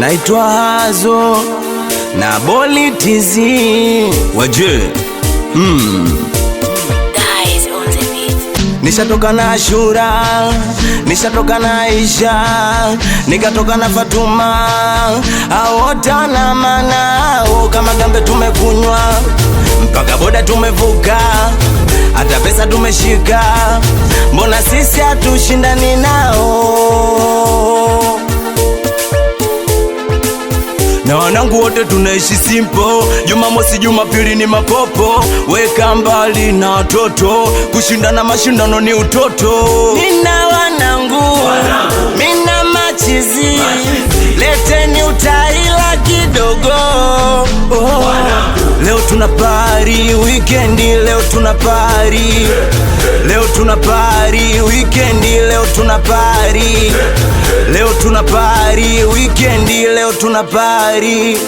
naitwa Hazo na Boli TZ waje mm. Nishatoka na Ashura, nishatoka na Aisha, nikatoka na Fatuma, aota na manao kama gambe, tumekunywa mpaka boda tumevuka, hata pesa tumeshika, mbona sisi hatushindani nao? Wanangu wote tunaishi simple, Jumamosi Jumapili ni mapopo. Weka mbali na watoto, kushindana mashindano ni utoto. Nina wanangu, wanangu. Mina machizi, machizi. Leteni utaila kidogo oh. Leo tuna pari wikendi, leo tuna pari, leo tuna pari wikendi, leo tuna pari Leo tuna pari weekend leo tuna pari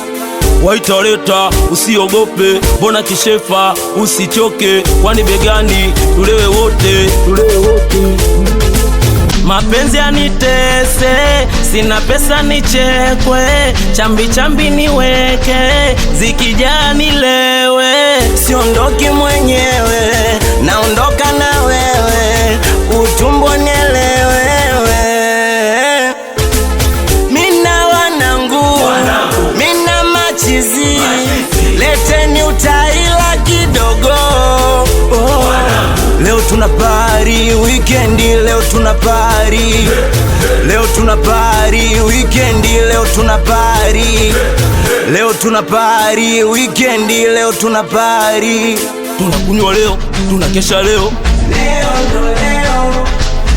waita leta, usiogope, bona kishefa, usichoke, kwani begani tulewe wote, tulewe wote. Mapenzi anitese, sina pesa nichekwe, chambi chambi niweke, zikijani lewe siondoki mwenye Leo tuna pari wikendi, leo tuna party, leo tuna party weekend, leo tuna party, leo tuna pari wikendi, leo tuna party. Tunakunywa leo, tunakesha leo, leo ndo leo,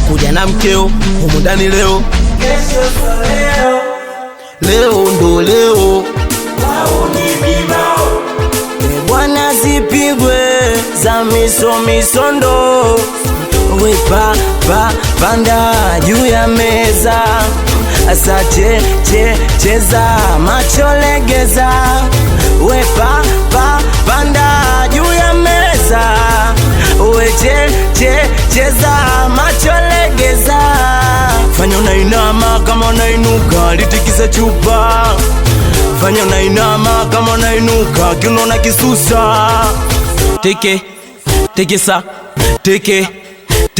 kuja na mkeo humu ndani leo, kesho ndo leo, leo ndo leo, wao ni bima za miso misondo, we pa pa panda juu ya meza, asa che che cheza macho legeza, we pa pa panda juu ya meza, we che che cheza macho legeza, fanya unainama kama unainuka, litikisa chupa Fanya unainama kama unainuka, kiuno na kisusa teke it, take it,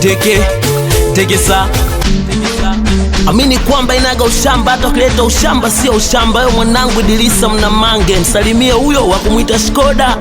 take it, take it, Amini kwamba inaga ushamba hata ukileta ushamba sio ushamba. yo mwanangu mna mange msalimie huyo wa kumwita Shikoda.